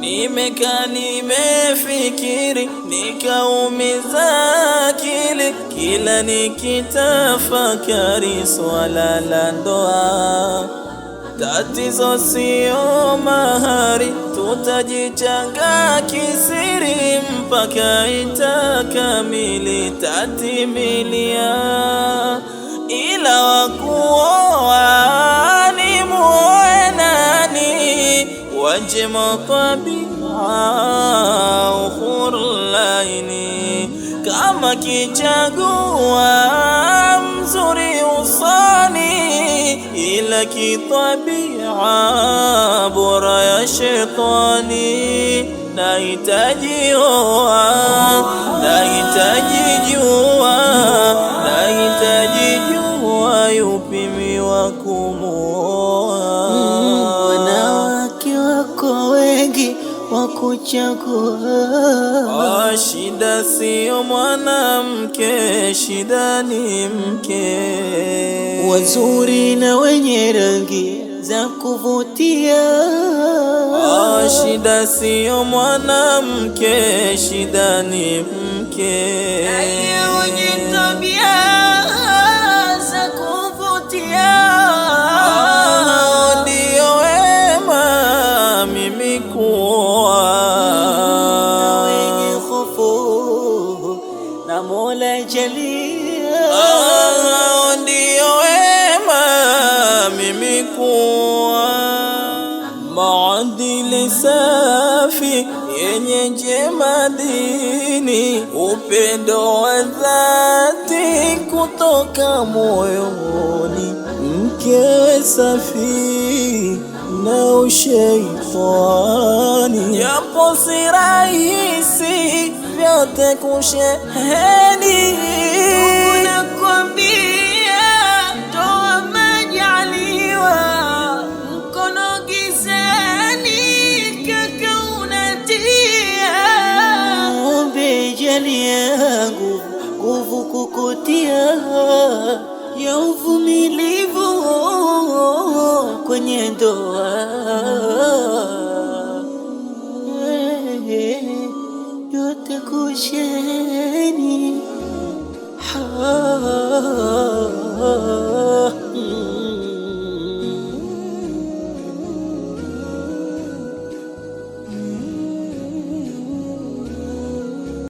Nimekaa nimefikiri, nikaumiza akili, kila nikitafakari swala la ndoa, tatizo sio mahari utajichanga kisiri mpaka itakamili tatimilia, ila wakuoa ni muoe nani wajema kwa biha ukhurlaini, kama kichagua mzuri usani ila kitabia shetani, nahitaji oa, nahitaji jua, nahitaji jua yupimiwa kumuoa. Wanawake wako wengi wakuchagua. Shida sio mwanamke, shida ni mke. Wazuri na wenye rangi za kuvutia. Ah, shida siyo mwanamke, shida ni mke mwenye tabia za kuvutia. Ndio wema mimi kuwa wenye hofu na Mola jalia. Ndio safi yenye jema dini, upendo wa dhati kutoka moyoni, mkewe safi na usheitani, japo si rahisi vyote kusheheni, nakwambia nguvu kukutia ya uvumilivu kwenye ndoa yote kusheni ha